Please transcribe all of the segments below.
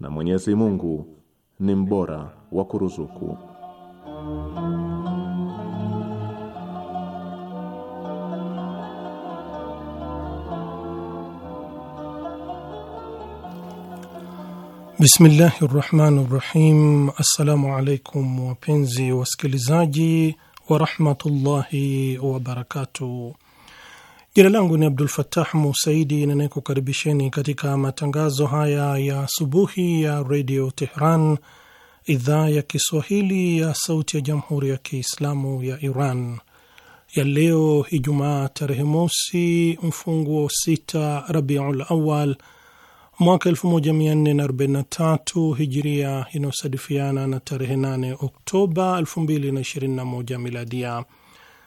na Mwenyezi Mungu ni mbora wa kuruzuku. Bismillahi rahmani rahim. Assalamu alaikum wapenzi wasikilizaji warahmatullahi wabarakatuh. Jina langu ni Abdul Fatah Musaidi na nayekukaribisheni katika matangazo haya ya subuhi ya redio Tehran, idhaa ya Kiswahili ya sauti ya jamhuri ya Kiislamu ya Iran ya leo Ijumaa tarehe mosi mfunguo sita Rabiul Awal mwaka 1443 hijiria inayosadifiana na tarehe 8 Oktoba 2021 miladia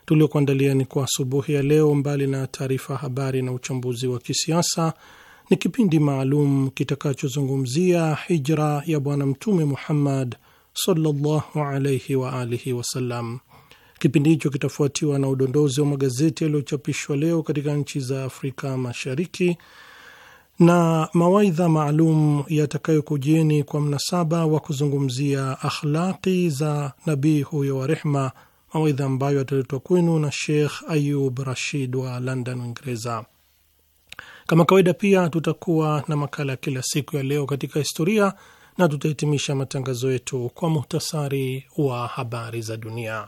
tuliokuandalia ni kwa asubuhi ya leo, mbali na taarifa habari na uchambuzi wa kisiasa, ni kipindi maalum kitakachozungumzia hijra ya Bwana Mtume Muhammad sallallahu alaihi wasallam. Kipindi hicho kitafuatiwa na udondozi wa magazeti yaliyochapishwa leo katika nchi za Afrika Mashariki na mawaidha maalum yatakayokujieni kwa mnasaba wa kuzungumzia akhlaqi za nabii huyo wa rehma mawaidha ambayo yataletwa kwenu na Sheikh Ayub Rashid wa London, Uingereza. Kama kawaida, pia tutakuwa na makala ya kila siku ya leo katika historia na tutahitimisha matangazo yetu kwa muhtasari wa habari za dunia.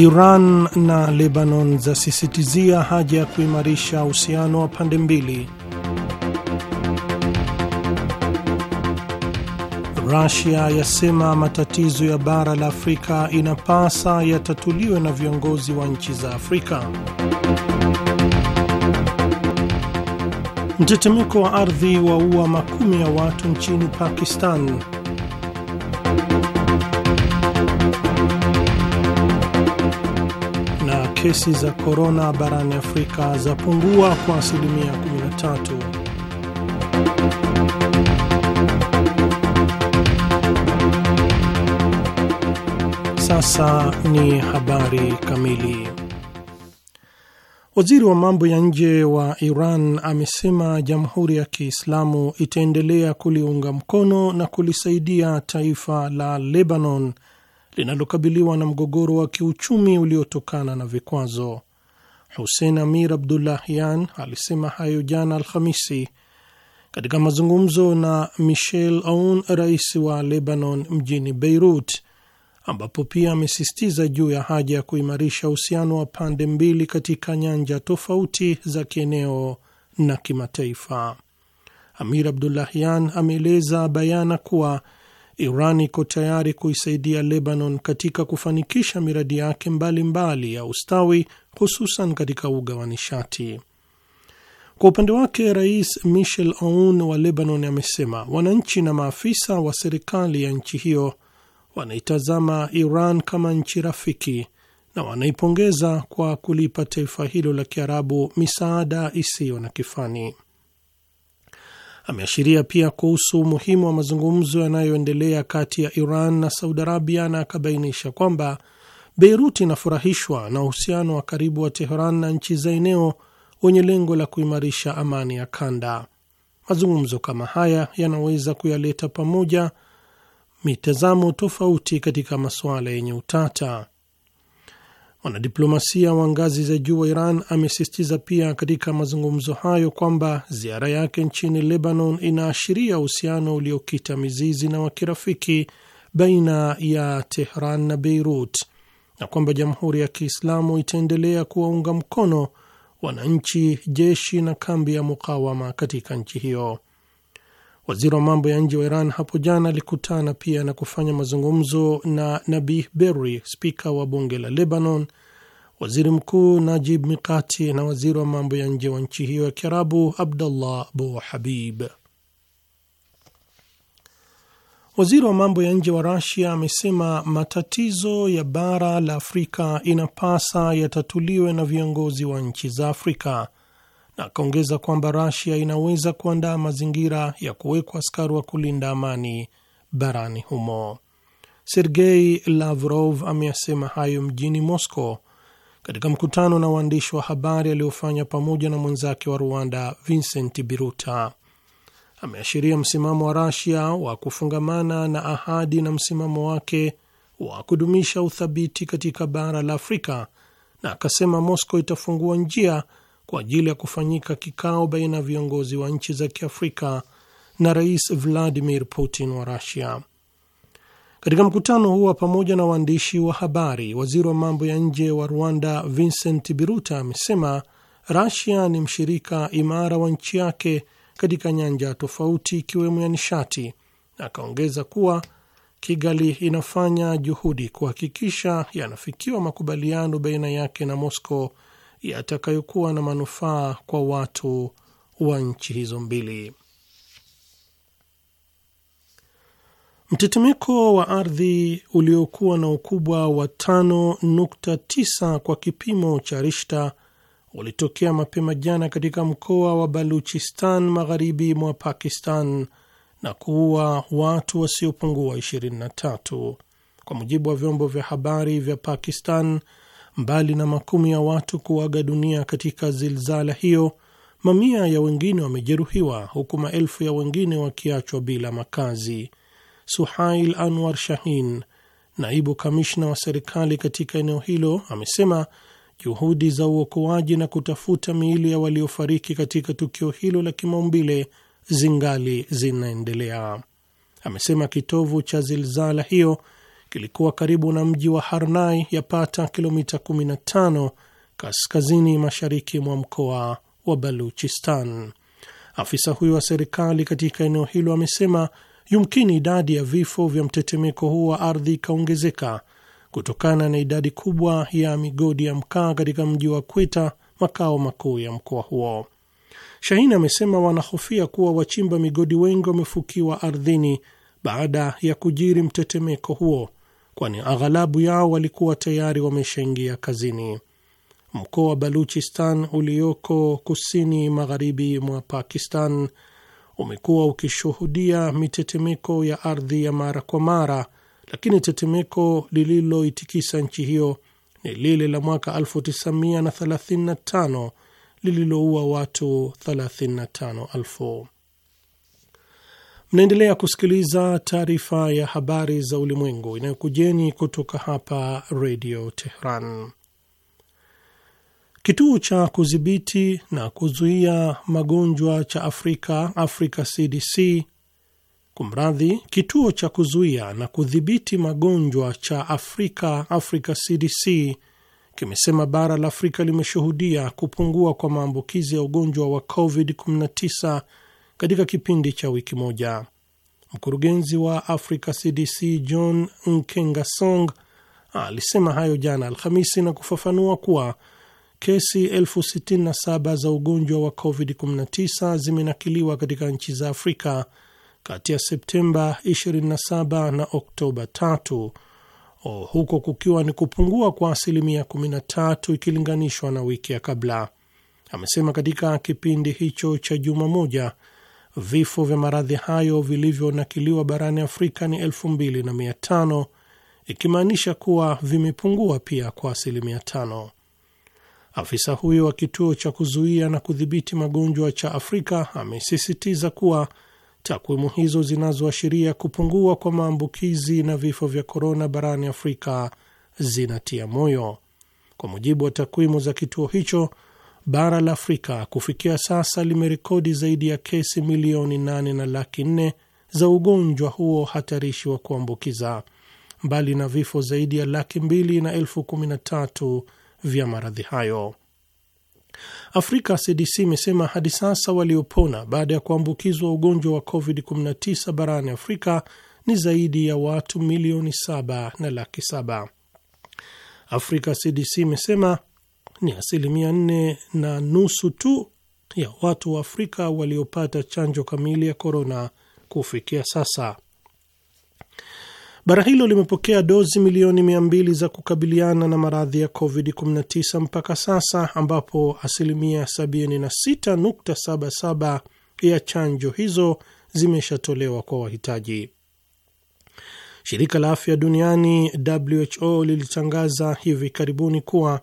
Iran na Lebanon zasisitizia haja ya kuimarisha uhusiano wa pande mbili. Rusia yasema matatizo ya bara la Afrika inapasa yatatuliwe na viongozi wa nchi za Afrika. Mtetemeko wa ardhi waua makumi ya watu nchini Pakistan. kesi za korona barani Afrika zapungua kwa asilimia 13. Sasa ni habari kamili. Waziri wa mambo ya nje wa Iran amesema Jamhuri ya Kiislamu itaendelea kuliunga mkono na kulisaidia taifa la Lebanon linalokabiliwa na mgogoro wa kiuchumi uliotokana na vikwazo. Hussein Amir Abdullahyan alisema hayo jana Alhamisi katika mazungumzo na Michel Aoun, rais wa Lebanon, mjini Beirut, ambapo pia amesisitiza juu ya haja ya kuimarisha uhusiano wa pande mbili katika nyanja tofauti za kieneo na kimataifa. Amir Abdullahyan ameeleza bayana kuwa Iran iko tayari kuisaidia Lebanon katika kufanikisha miradi yake mbalimbali mbali ya ustawi, hususan katika uga wa nishati. Kwa upande wake, Rais Michel Aoun wa Lebanon amesema wananchi na maafisa wa serikali ya nchi hiyo wanaitazama Iran kama nchi rafiki na wanaipongeza kwa kulipa taifa hilo la Kiarabu misaada isiyo na kifani. Ameashiria pia kuhusu umuhimu wa mazungumzo yanayoendelea kati ya Iran na Saudi Arabia na akabainisha kwamba Beirut inafurahishwa na uhusiano wa karibu wa Teheran na nchi za eneo wenye lengo la kuimarisha amani ya kanda. Mazungumzo kama haya yanaweza kuyaleta pamoja mitazamo tofauti katika masuala yenye utata. Mwanadiplomasia wa ngazi za juu wa Iran amesisitiza pia katika mazungumzo hayo kwamba ziara yake nchini Lebanon inaashiria uhusiano uliokita mizizi na wa kirafiki baina ya Tehran na Beirut na kwamba Jamhuri ya Kiislamu itaendelea kuwaunga mkono wananchi, jeshi na kambi ya mukawama katika nchi hiyo. Waziri wa mambo ya nje wa Iran hapo jana alikutana pia na kufanya mazungumzo na Nabih Berri, spika wa bunge la Lebanon, waziri mkuu Najib Mikati na waziri wa mambo ya nje wa nchi hiyo ya Kiarabu Abdullah Bu Habib. Waziri wa mambo ya nje wa Rasia amesema matatizo ya bara la Afrika inapasa yatatuliwe na viongozi wa nchi za Afrika na akaongeza kwamba Rasia inaweza kuandaa mazingira ya kuwekwa askari wa kulinda amani barani humo. Sergei Lavrov ameyasema hayo mjini Moscow katika mkutano na waandishi wa habari aliofanya pamoja na mwenzake wa Rwanda Vincent Biruta. Ameashiria msimamo wa Rasia wa kufungamana na ahadi na msimamo wake wa kudumisha uthabiti katika bara la Afrika na akasema Moscow itafungua njia kwa ajili ya kufanyika kikao baina ya viongozi wa nchi za Kiafrika na Rais Vladimir Putin wa Rusia. Katika mkutano huo pamoja na waandishi wa habari, waziri wa mambo ya nje wa Rwanda Vincent Biruta amesema Rasia ni mshirika imara wa nchi yake katika nyanja tofauti ikiwemo ya nishati, na akaongeza kuwa Kigali inafanya juhudi kuhakikisha yanafikiwa makubaliano baina yake na Moscow yatakayokuwa na manufaa kwa watu wa nchi hizo mbili. Mtetemeko wa ardhi uliokuwa na ukubwa wa 5.9 kwa kipimo cha Rishta ulitokea mapema jana katika mkoa wa Baluchistan magharibi mwa Pakistan na kuua watu wasiopungua wa 23 kwa mujibu wa vyombo vya habari vya Pakistan. Mbali na makumi ya watu kuaga dunia katika zilzala hiyo, mamia ya wengine wamejeruhiwa, huku maelfu ya wengine wakiachwa bila makazi. Suhail Anwar Shahin, naibu kamishna wa serikali katika eneo hilo, amesema juhudi za uokoaji na kutafuta miili ya waliofariki katika tukio hilo la kimaumbile zingali zinaendelea. Amesema kitovu cha zilzala hiyo kilikuwa karibu na mji wa Harnai, yapata kilomita 15 kaskazini mashariki mwa mkoa wa Baluchistan. Afisa huyo wa serikali katika eneo hilo amesema yumkini idadi ya vifo vya mtetemeko huu wa ardhi ikaongezeka kutokana na idadi kubwa ya migodi ya mkaa katika mji wa Kweta, makao makuu ya mkoa huo. Shahini amesema wanahofia kuwa wachimba migodi wengi wamefukiwa ardhini baada ya kujiri mtetemeko huo kwani aghalabu yao walikuwa tayari wameshaingia kazini. Mkoa wa Baluchistan ulioko kusini magharibi mwa Pakistan umekuwa ukishuhudia mitetemeko ya ardhi ya mara kwa mara, lakini tetemeko lililoitikisa nchi hiyo ni lile la mwaka 1935 lililoua watu 35,000. Mnaendelea kusikiliza taarifa ya habari za ulimwengu inayokujeni kutoka hapa redio Tehran. Kituo cha kudhibiti na kuzuia magonjwa cha Afrika, Africa CDC, kumradhi, kituo cha kuzuia na kudhibiti magonjwa cha Afrika, Africa CDC, kimesema bara la Afrika limeshuhudia kupungua kwa maambukizi ya ugonjwa wa COVID-19 katika kipindi cha wiki moja. Mkurugenzi wa Africa CDC John Nkengasong alisema hayo jana Alhamisi na kufafanua kuwa kesi elfu sitini na saba za ugonjwa wa COVID-19 zimenakiliwa katika nchi za Afrika kati ya Septemba 27 na Oktoba 3 o, huko kukiwa ni kupungua kwa asilimia 13 ikilinganishwa na wiki ya kabla. Amesema katika kipindi hicho cha juma moja vifo vya maradhi hayo vilivyonakiliwa barani Afrika ni 25 ikimaanisha kuwa vimepungua pia kwa asilimia tano. Afisa huyo wa kituo cha kuzuia na kudhibiti magonjwa cha Afrika amesisitiza kuwa takwimu hizo zinazoashiria kupungua kwa maambukizi na vifo vya korona barani Afrika zinatia moyo. Kwa mujibu wa takwimu za kituo hicho bara la Afrika kufikia sasa limerekodi zaidi ya kesi milioni nane na laki nne za ugonjwa huo hatarishi wa kuambukiza mbali na vifo zaidi ya laki mbili na elfu kumi na tatu vya maradhi hayo. Afrika CDC imesema hadi sasa waliopona baada ya kuambukizwa ugonjwa wa COVID-19 barani Afrika ni zaidi ya watu milioni saba na laki saba. Afrika CDC imesema ni asilimia nne na nusu tu ya watu wa Afrika waliopata chanjo kamili ya korona kufikia sasa. Bara hilo limepokea dozi milioni mia mbili za kukabiliana na maradhi ya COVID-19 mpaka sasa, ambapo asilimia 76.77 ya chanjo hizo zimeshatolewa kwa wahitaji. Shirika la Afya Duniani WHO lilitangaza hivi karibuni kuwa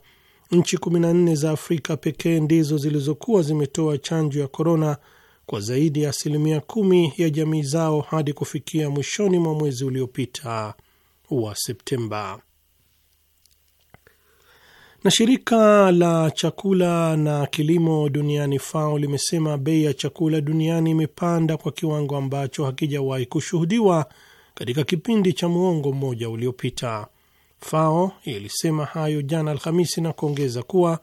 nchi 14 za Afrika pekee ndizo zilizokuwa zimetoa chanjo ya korona kwa zaidi ya asilimia kumi ya jamii zao hadi kufikia mwishoni mwa mwezi uliopita wa Septemba. Na shirika la chakula na kilimo duniani FAO limesema bei ya chakula duniani imepanda kwa kiwango ambacho hakijawahi kushuhudiwa katika kipindi cha muongo mmoja uliopita. FAO ilisema hayo jana Alhamisi na kuongeza kuwa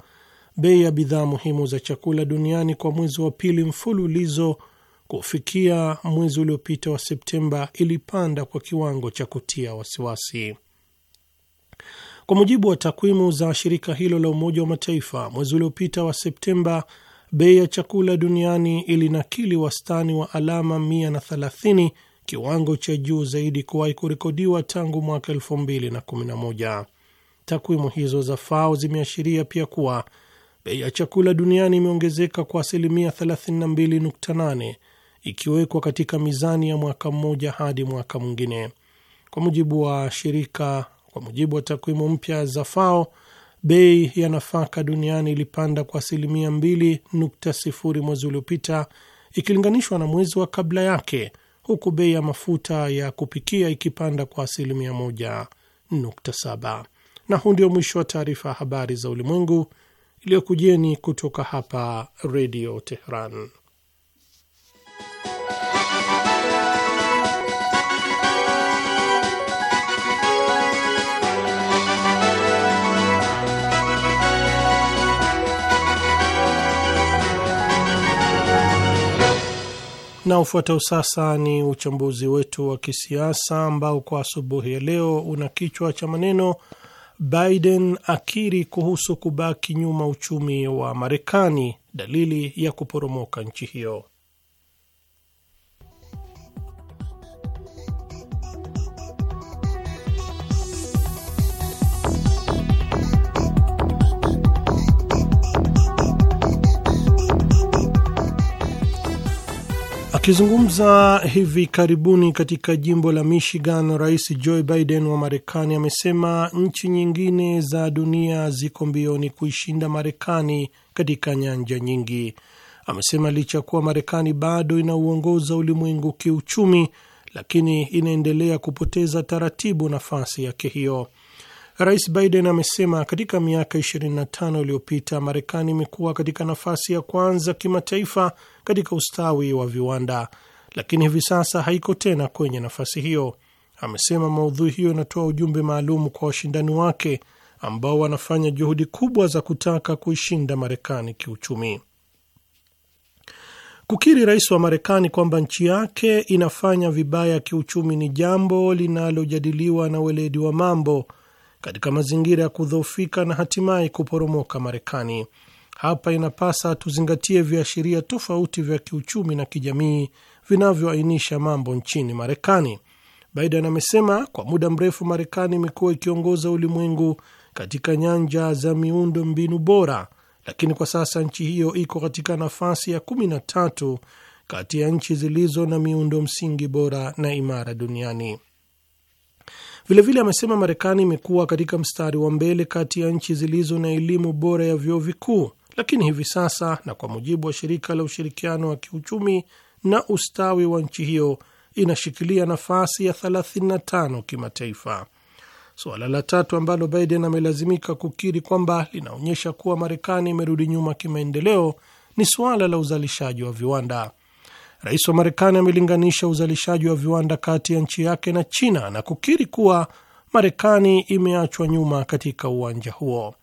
bei ya bidhaa muhimu za chakula duniani kwa mwezi wa pili mfululizo kufikia mwezi uliopita wa Septemba ilipanda kwa kiwango cha kutia wasiwasi. Kwa mujibu wa takwimu za shirika hilo la Umoja wa Mataifa, mwezi uliopita wa Septemba bei ya chakula duniani ilinakili wastani wa alama 130 kiwango cha juu zaidi kuwahi kurekodiwa tangu mwaka moja. Takwimu hizo za FAO zimeashiria pia kuwa bei ya chakula duniani imeongezeka kwa asilimia 32.8 ikiwekwa katika mizani ya mwaka mmoja hadi mwaka mwingine. Kwa mujibu wa shirika, kwa mujibu wa takwimu mpya za FAO, bei ya nafaka duniani ilipanda kwa asilimia 2.0 mwezi uliopita ikilinganishwa na mwezi wa kabla yake huku bei ya mafuta ya kupikia ikipanda kwa asilimia 1.7. Na huu ndio mwisho wa taarifa ya habari za ulimwengu iliyokujeni kutoka hapa Redio teheran Na ufuatao sasa ni uchambuzi wetu wa kisiasa ambao kwa asubuhi ya leo una kichwa cha maneno Biden akiri kuhusu kubaki nyuma uchumi wa Marekani, dalili ya kuporomoka nchi hiyo. Akizungumza hivi karibuni katika jimbo la Michigan, Rais Joe Biden wa Marekani amesema nchi nyingine za dunia ziko mbioni kuishinda Marekani katika nyanja nyingi. Amesema licha ya kuwa Marekani bado inauongoza ulimwengu kiuchumi, lakini inaendelea kupoteza taratibu nafasi yake hiyo. Rais Biden amesema katika miaka 25 iliyopita Marekani imekuwa katika nafasi ya kwanza kimataifa katika ustawi wa viwanda, lakini hivi sasa haiko tena kwenye nafasi hiyo. Amesema maudhui hiyo inatoa ujumbe maalum kwa washindani wake ambao wanafanya juhudi kubwa za kutaka kuishinda Marekani kiuchumi. Kukiri rais wa Marekani kwamba nchi yake inafanya vibaya kiuchumi ni jambo linalojadiliwa na weledi wa mambo katika mazingira ya kudhoofika na hatimaye kuporomoka Marekani. Hapa inapasa tuzingatie viashiria tofauti vya kiuchumi na kijamii vinavyoainisha mambo nchini Marekani. Biden amesema kwa muda mrefu Marekani imekuwa ikiongoza ulimwengu katika nyanja za miundo mbinu bora, lakini kwa sasa nchi hiyo iko katika nafasi ya kumi na tatu kati ya nchi zilizo na miundo msingi bora na imara duniani. Vilevile amesema Marekani imekuwa katika mstari wa mbele kati ya nchi zilizo na elimu bora ya vyuo vikuu, lakini hivi sasa, na kwa mujibu wa shirika la ushirikiano wa kiuchumi na ustawi wa nchi hiyo, inashikilia nafasi ya 35 kimataifa. Suala la tatu ambalo Biden amelazimika kukiri kwamba linaonyesha kuwa Marekani imerudi nyuma kimaendeleo ni suala la uzalishaji wa viwanda. Rais wa Marekani amelinganisha uzalishaji wa viwanda kati ya nchi yake na China na kukiri kuwa Marekani imeachwa nyuma katika uwanja huo.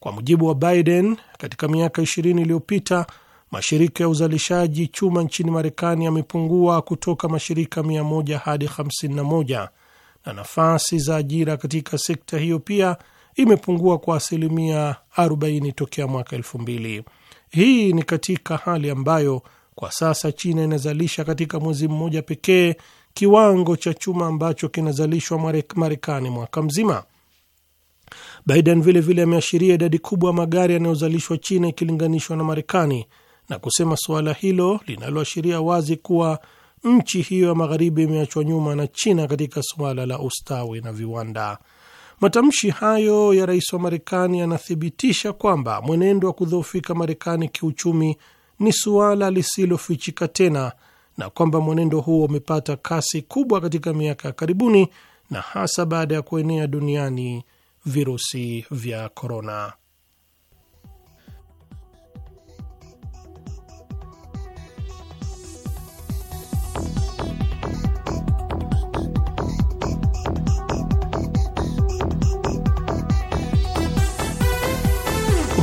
Kwa mujibu wa Biden, katika miaka 20 iliyopita mashirika ya uzalishaji chuma nchini Marekani yamepungua kutoka mashirika 100 hadi 51 na nafasi za ajira katika sekta hiyo pia imepungua kwa asilimia 40 tokea mwaka 2000. Hii ni katika hali ambayo kwa sasa China inazalisha katika mwezi mmoja pekee kiwango cha chuma ambacho kinazalishwa Marekani mwaka mzima. Biden vilevile ameashiria idadi kubwa ya magari yanayozalishwa China ikilinganishwa na Marekani na kusema suala hilo linaloashiria wazi kuwa nchi hiyo ya magharibi imeachwa nyuma na China katika suala la ustawi na viwanda. Matamshi hayo ya rais wa Marekani yanathibitisha kwamba mwenendo wa kudhoofika Marekani kiuchumi ni suala lisilofichika tena na kwamba mwenendo huo umepata kasi kubwa katika miaka ya karibuni na hasa baada ya kuenea duniani virusi vya korona.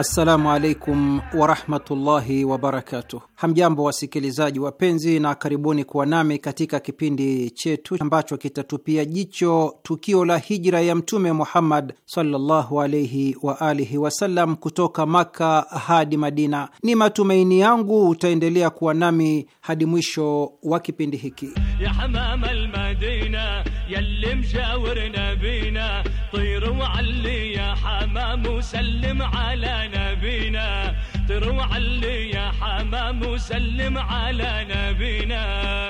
السلام عليكم ورحمه الله وبركاته Hamjambo wasikilizaji wapenzi, na karibuni kuwa nami katika kipindi chetu ambacho kitatupia jicho tukio la hijra ya Mtume Muhammad sallallahu alaihi wa alihi wasallam kutoka Makka hadi Madina. Ni matumaini yangu utaendelea kuwa nami hadi mwisho wa kipindi hiki ya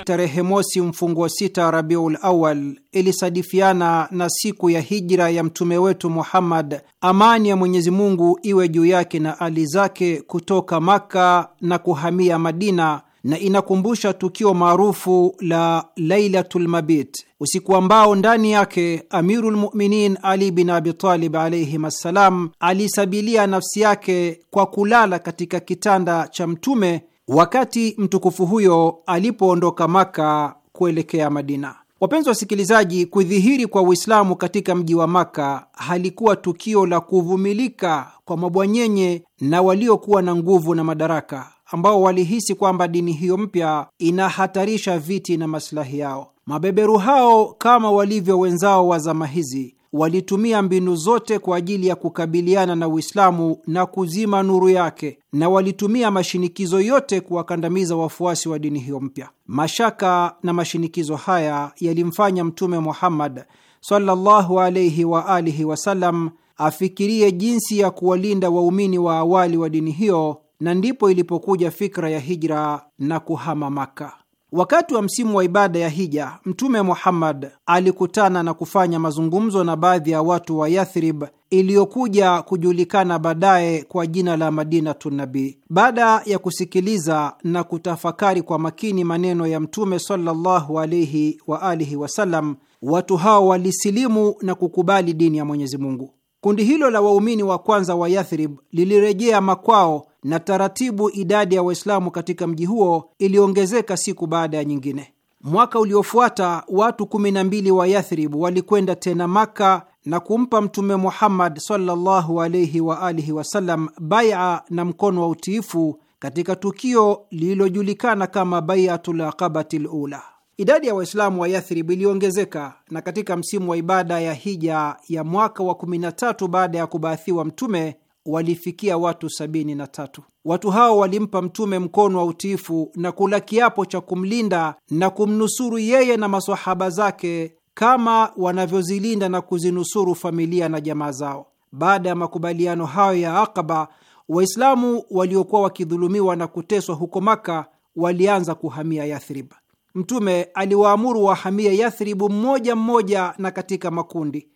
Tarehe mosi mfungo sita Rabiul Awal ilisadifiana na siku ya hijra ya mtume wetu Muhammad, amani ya Mwenyezi Mungu iwe juu yake na ali zake, kutoka Makka na kuhamia Madina na inakumbusha tukio maarufu la Lailatul Mabit, usiku ambao ndani yake Amirul Muminin Ali bin Abitalib alaihim assalam alisabilia nafsi yake kwa kulala katika kitanda cha Mtume wakati mtukufu huyo alipoondoka Maka kuelekea Madina. Wapenzi wasikilizaji, kudhihiri kwa Uislamu katika mji wa Maka halikuwa tukio la kuvumilika kwa mabwanyenye na waliokuwa na nguvu na madaraka ambao walihisi kwamba dini hiyo mpya inahatarisha viti na maslahi yao. Mabeberu hao kama walivyo wenzao wa zama hizi walitumia mbinu zote kwa ajili ya kukabiliana na Uislamu na kuzima nuru yake, na walitumia mashinikizo yote kuwakandamiza wafuasi wa dini hiyo mpya. Mashaka na mashinikizo haya yalimfanya Mtume Muhammad sallallahu alayhi wa alihi wasallam afikirie jinsi ya kuwalinda waumini wa awali wa dini hiyo na ndipo ilipokuja fikra ya hijra na kuhama Maka. Wakati wa msimu wa ibada ya hija, Mtume Muhammad alikutana na kufanya mazungumzo na baadhi ya watu wa Yathrib iliyokuja kujulikana baadaye kwa jina la Madinatu Nabii. Baada ya kusikiliza na kutafakari kwa makini maneno ya Mtume sallallahu alaihi wa alihi wasallam, watu hao walisilimu na kukubali dini ya Mwenyezi Mungu. Kundi hilo la waumini wa kwanza wa Yathrib lilirejea makwao na taratibu idadi ya Waislamu katika mji huo iliongezeka siku baada ya nyingine. Mwaka uliofuata watu kumi na mbili wa Yathrib walikwenda tena Maka na kumpa Mtume Muhammad sallallahu alaihi wa alihi wasallam baia na mkono wa utiifu katika tukio lililojulikana kama Baiatu Laqabati Lula. Idadi ya Waislamu wa Yathrib iliongezeka na katika msimu wa ibada ya hija ya mwaka wa 13 baada ya kubaathiwa Mtume walifikia watu sabini na tatu. Watu hao walimpa Mtume mkono wa utiifu na kula kiapo cha kumlinda na kumnusuru yeye na masahaba zake kama wanavyozilinda na kuzinusuru familia na jamaa zao. Baada ya makubaliano hayo ya Akaba, Waislamu waliokuwa wakidhulumiwa na kuteswa huko Maka walianza kuhamia Yathrib. Mtume aliwaamuru wahamie Yathribu mmoja mmoja na katika makundi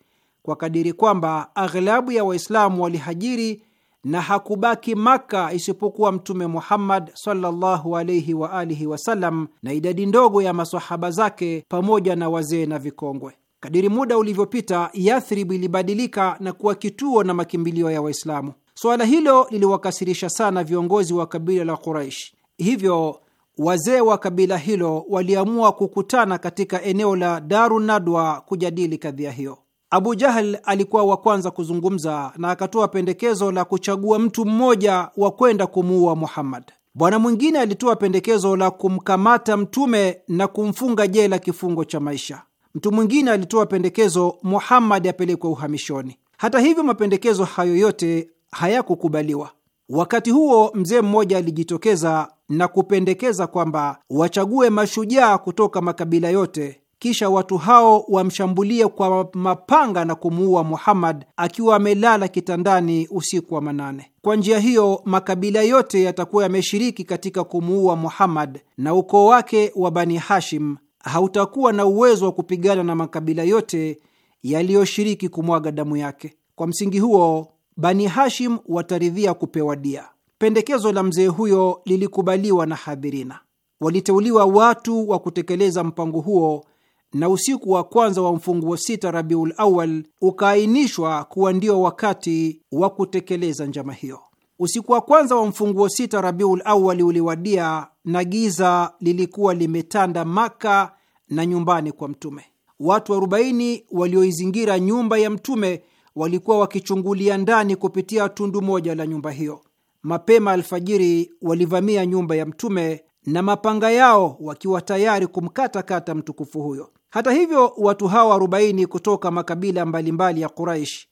kwa kadiri kwamba aghlabu ya Waislamu walihajiri na hakubaki Maka isipokuwa Mtume Muhammad sallallahu alaihi wa alihi wasallam na idadi ndogo ya masahaba zake pamoja na wazee na vikongwe. Kadiri muda ulivyopita, Yathrib ilibadilika na kuwa kituo na makimbilio ya Waislamu. Suala hilo liliwakasirisha sana viongozi wa kabila la Quraish, hivyo wazee wa kabila hilo waliamua kukutana katika eneo la Darunadwa kujadili kadhia hiyo. Abu Jahal alikuwa wa kwanza kuzungumza na akatoa pendekezo la kuchagua mtu mmoja wa kwenda kumuua Muhammad. Bwana mwingine alitoa pendekezo la kumkamata Mtume na kumfunga jela kifungo cha maisha. Mtu mwingine alitoa pendekezo Muhammad apelekwe uhamishoni. Hata hivyo, mapendekezo hayo yote hayakukubaliwa. Wakati huo, mzee mmoja alijitokeza na kupendekeza kwamba wachague mashujaa kutoka makabila yote kisha watu hao wamshambulie kwa mapanga na kumuua Muhammad akiwa amelala kitandani usiku wa manane. Kwa njia hiyo makabila yote yatakuwa yameshiriki katika kumuua Muhammad na ukoo wake wa Bani Hashim hautakuwa na uwezo wa kupigana na makabila yote yaliyoshiriki kumwaga damu yake. Kwa msingi huo, Bani Hashim wataridhia kupewa dia. Pendekezo la mzee huyo lilikubaliwa na hadhirina. Waliteuliwa watu wa kutekeleza mpango huo na usiku wa kwanza wa mfunguo sita Rabiul Awal ukaainishwa kuwa ndio wakati wa kutekeleza njama hiyo. Usiku wa kwanza wa mfunguo sita Rabiul awal uliwadia na giza lilikuwa limetanda Maka na nyumbani kwa Mtume. Watu arobaini walioizingira nyumba ya Mtume walikuwa wakichungulia ndani kupitia tundu moja la nyumba hiyo. Mapema alfajiri, walivamia nyumba ya Mtume na mapanga yao wakiwa tayari kumkatakata mtukufu huyo. Hata hivyo, watu hawa arobaini kutoka makabila mbalimbali ya Quraish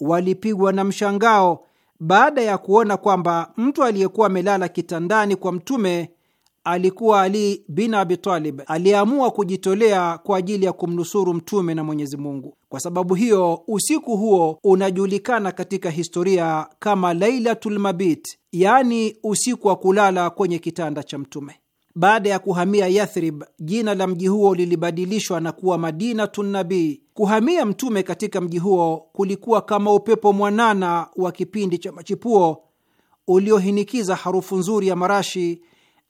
walipigwa na mshangao baada ya kuona kwamba mtu aliyekuwa amelala kitandani kwa Mtume alikuwa Ali bin Abi Talib aliyeamua kujitolea kwa ajili ya kumnusuru mtume na Mwenyezi Mungu. Kwa sababu hiyo, usiku huo unajulikana katika historia kama Lailatul Mabit, yaani usiku wa kulala kwenye kitanda cha mtume. Baada ya kuhamia Yathrib, jina la mji huo lilibadilishwa na kuwa Madinatu Nabii. Kuhamia Mtume katika mji huo kulikuwa kama upepo mwanana wa kipindi cha machipuo uliohinikiza harufu nzuri ya marashi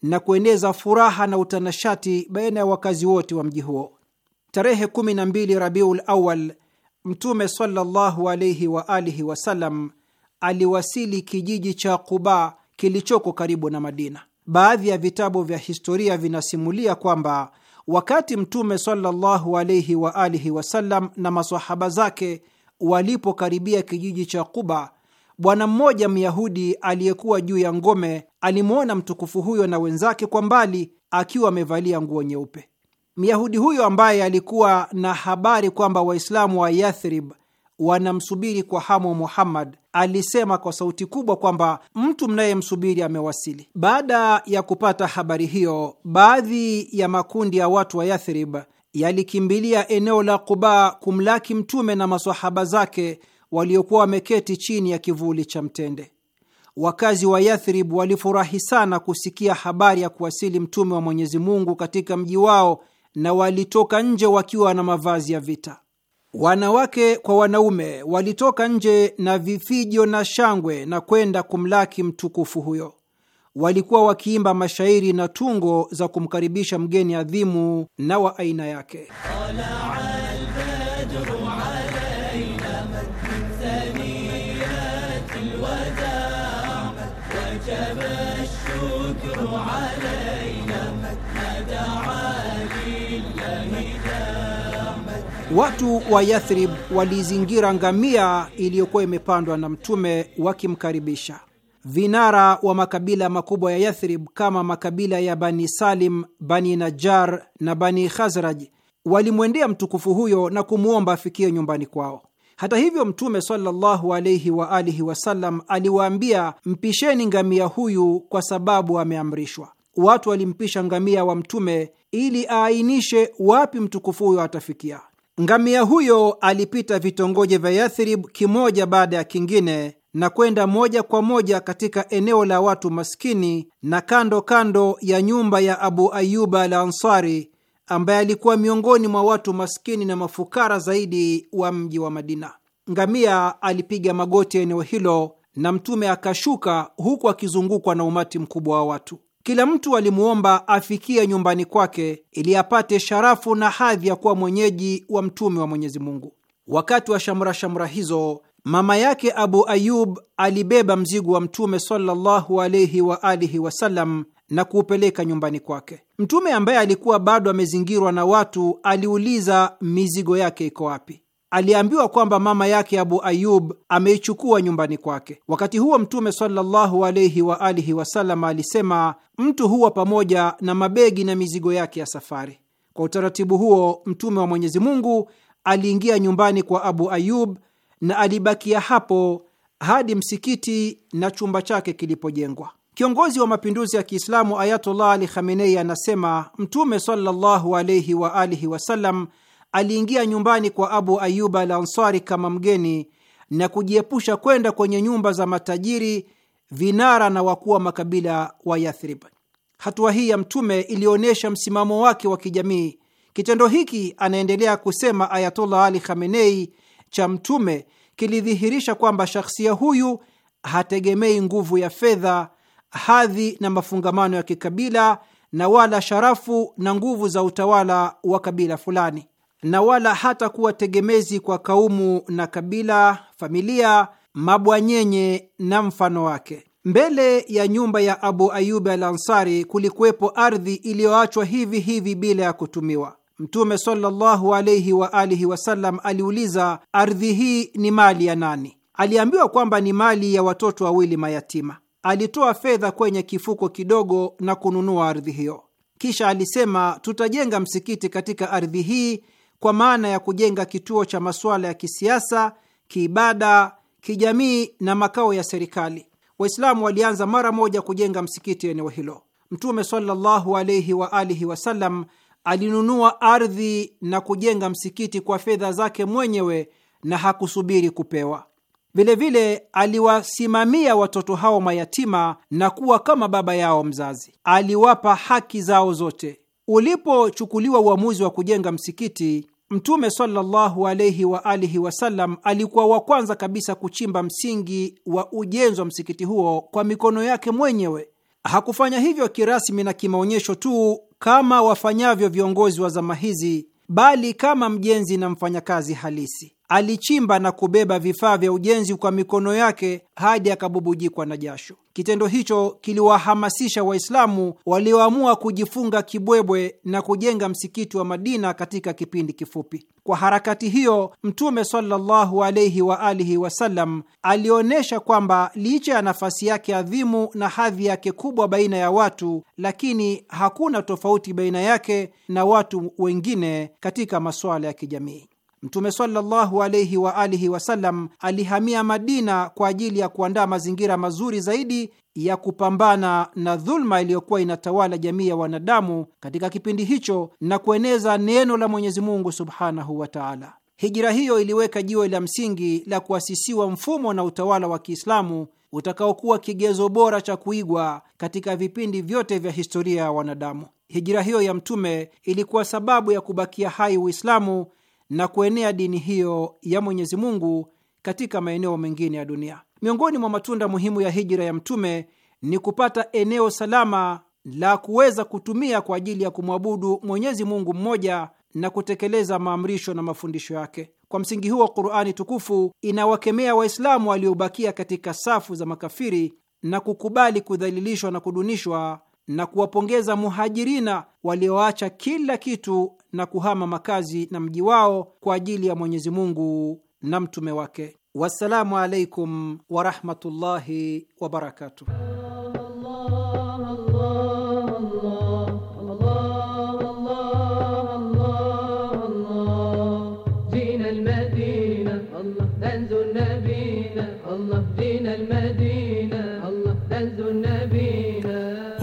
na kueneza furaha na utanashati baina ya wakazi wote wa mji huo. Tarehe 12 Rabiul Awal, Mtume sallallahu alayhi wa alihi wasallam aliwasili kijiji cha Quba kilichoko karibu na Madina. Baadhi ya vitabu vya historia vinasimulia kwamba wakati Mtume sallallahu alaihi wa alihi wasallam na masahaba zake walipokaribia kijiji cha Quba, bwana mmoja Myahudi aliyekuwa juu ya ngome alimwona mtukufu huyo na wenzake kwa mbali akiwa amevalia nguo nyeupe. Myahudi huyo ambaye alikuwa na habari kwamba Waislamu wa Yathrib wanamsubiri kwa hamu Muhammad, alisema kwa sauti kubwa kwamba mtu mnayemsubiri amewasili. Baada ya kupata habari hiyo, baadhi ya makundi ya watu wa Yathrib yalikimbilia eneo la Quba kumlaki Mtume na masahaba zake waliokuwa wameketi chini ya kivuli cha mtende. Wakazi wa Yathrib walifurahi sana kusikia habari ya kuwasili Mtume wa Mwenyezi Mungu katika mji wao, na walitoka nje wakiwa na mavazi ya vita. Wanawake kwa wanaume walitoka nje na vifijo na shangwe na kwenda kumlaki mtukufu huyo. Walikuwa wakiimba mashairi na tungo za kumkaribisha mgeni adhimu na wa aina yake. Watu wa Yathrib walizingira ngamia iliyokuwa imepandwa na Mtume wakimkaribisha. Vinara wa makabila makubwa ya Yathrib kama makabila ya Bani Salim, Bani Najjar na Bani Khazraj walimwendea mtukufu huyo na kumwomba afikie nyumbani kwao. Hata hivyo, Mtume sallallahu alaihi wa alihi wasallam aliwaambia, mpisheni ngamia huyu kwa sababu ameamrishwa. Watu walimpisha ngamia wa Mtume ili aainishe wapi mtukufu huyo atafikia. Ngamia huyo alipita vitongoji vya Yathrib kimoja baada ya kingine na kwenda moja kwa moja katika eneo la watu maskini na kando kando ya nyumba ya Abu Ayuba al Ansari ambaye alikuwa miongoni mwa watu maskini na mafukara zaidi wa mji wa Madina. Ngamia alipiga magoti eneo hilo na Mtume akashuka huku akizungukwa na umati mkubwa wa watu. Kila mtu alimwomba afikie nyumbani kwake ili apate sharafu na hadhi ya kuwa mwenyeji wa mtume wa Mwenyezi Mungu. Wakati wa shamra shamra hizo, mama yake Abu Ayub alibeba mzigo wa mtume sallallahu alayhi wa alihi wasallam na kuupeleka nyumbani kwake. Mtume ambaye alikuwa bado amezingirwa na watu aliuliza mizigo yake iko wapi aliambiwa kwamba mama yake Abu Ayub ameichukua nyumbani kwake. Wakati huo Mtume sallallahu alaihi wa alihi wasallam alisema, mtu huwa pamoja na mabegi na mizigo yake ya safari. Kwa utaratibu huo, Mtume wa Mwenyezi Mungu aliingia nyumbani kwa Abu Ayub na alibakia hapo hadi msikiti na chumba chake kilipojengwa. Kiongozi wa mapinduzi ya Kiislamu Ayatullah Ali Khamenei anasema Mtume sallallahu alaihi wa alihi wasallam aliingia nyumbani kwa Abu Ayuba al Ansari kama mgeni na kujiepusha kwenda kwenye nyumba za matajiri, vinara na wakuu wa makabila wa Yathrib. Hatua hii ya Mtume ilionyesha msimamo wake wa kijamii. Kitendo hiki, anaendelea kusema Ayatollah Ali Khamenei, cha Mtume kilidhihirisha kwamba shakhsia huyu hategemei nguvu ya fedha, hadhi na mafungamano ya kikabila, na wala sharafu na nguvu za utawala wa kabila fulani na wala hata kuwa tegemezi kwa kaumu na kabila, familia, mabwanyenye na mfano wake. Mbele ya nyumba ya Abu Ayubi al Ansari kulikuwepo ardhi iliyoachwa hivi hivi bila ya kutumiwa. Mtume sallallahu alaihi wa alihi wasallam aliuliza, ardhi hii ni mali ya nani? Aliambiwa kwamba ni mali ya watoto wawili mayatima. Alitoa fedha kwenye kifuko kidogo na kununua ardhi hiyo. Kisha alisema, tutajenga msikiti katika ardhi hii kwa maana ya kujenga kituo cha masuala ya kisiasa, kiibada, kijamii na makao ya serikali. Waislamu walianza mara moja kujenga msikiti eneo hilo. Mtume sallallahu wa alihi wasallam alinunua ardhi na kujenga msikiti kwa fedha zake mwenyewe na hakusubiri kupewa. Vilevile aliwasimamia watoto hao mayatima na kuwa kama baba yao mzazi, aliwapa haki zao zote. Ulipochukuliwa uamuzi wa kujenga msikiti, Mtume sallallahu alaihi wa alihi wasallam alikuwa wa kwanza kabisa kuchimba msingi wa ujenzi wa msikiti huo kwa mikono yake mwenyewe. Hakufanya hivyo kirasmi na kimaonyesho tu kama wafanyavyo viongozi wa zama hizi, bali kama mjenzi na mfanyakazi halisi alichimba na kubeba vifaa vya ujenzi kwa mikono yake hadi akabubujikwa na jasho. Kitendo hicho kiliwahamasisha Waislamu walioamua kujifunga kibwebwe na kujenga msikiti wa Madina katika kipindi kifupi. Kwa harakati hiyo, Mtume sallallahu alaihi wa alihi wasallam alionyesha kwamba licha ya nafasi yake adhimu na hadhi yake kubwa baina ya watu, lakini hakuna tofauti baina yake na watu wengine katika masuala ya kijamii. Mtume sallallahu wa alihi wasallam alihamia Madina kwa ajili ya kuandaa mazingira mazuri zaidi ya kupambana na dhulma iliyokuwa inatawala jamii ya wanadamu katika kipindi hicho na kueneza neno la Mwenyezi Mungu subhanahu wa taala. Hijira hiyo iliweka jiwe la msingi la kuasisiwa mfumo na utawala wa Kiislamu utakaokuwa kigezo bora cha kuigwa katika vipindi vyote vya historia ya wanadamu. Hijira hiyo ya Mtume ilikuwa sababu ya kubakia hai Uislamu na kuenea dini hiyo ya Mwenyezi Mungu katika maeneo mengine ya dunia. Miongoni mwa matunda muhimu ya hijira ya Mtume ni kupata eneo salama la kuweza kutumia kwa ajili ya kumwabudu Mwenyezi Mungu mmoja na kutekeleza maamrisho na mafundisho yake. Kwa msingi huo, Qur'ani tukufu inawakemea Waislamu waliobakia katika safu za makafiri na kukubali kudhalilishwa na kudunishwa na kuwapongeza Muhajirina walioacha kila kitu na kuhama makazi na mji wao kwa ajili ya Mwenyezi Mungu na mtume wake. Wassalamu alaikum warahmatullahi wabarakatuh.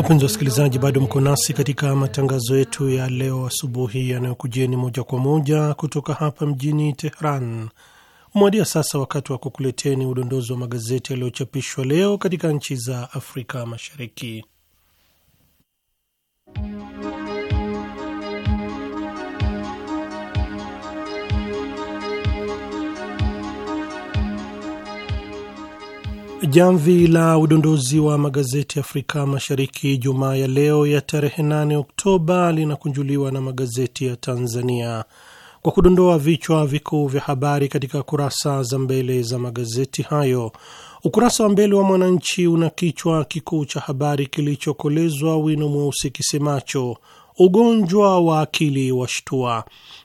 Wapenzi wasikilizaji, bado mko nasi katika matangazo yetu ya leo asubuhi yanayokujieni moja kwa moja kutoka hapa mjini Tehran. Umewadia sasa wakati wa kukuleteni udondozi wa magazeti yaliyochapishwa leo katika nchi za Afrika Mashariki. Jamvi la udondozi wa magazeti Afrika Mashariki Jumaa ya leo ya tarehe 8 Oktoba linakunjuliwa na magazeti ya Tanzania kwa kudondoa vichwa vikuu vya habari katika kurasa za mbele za magazeti hayo. Ukurasa wa mbele wa Mwananchi una kichwa kikuu cha habari kilichokolezwa wino mweusi kisemacho ugonjwa wa akili washtua,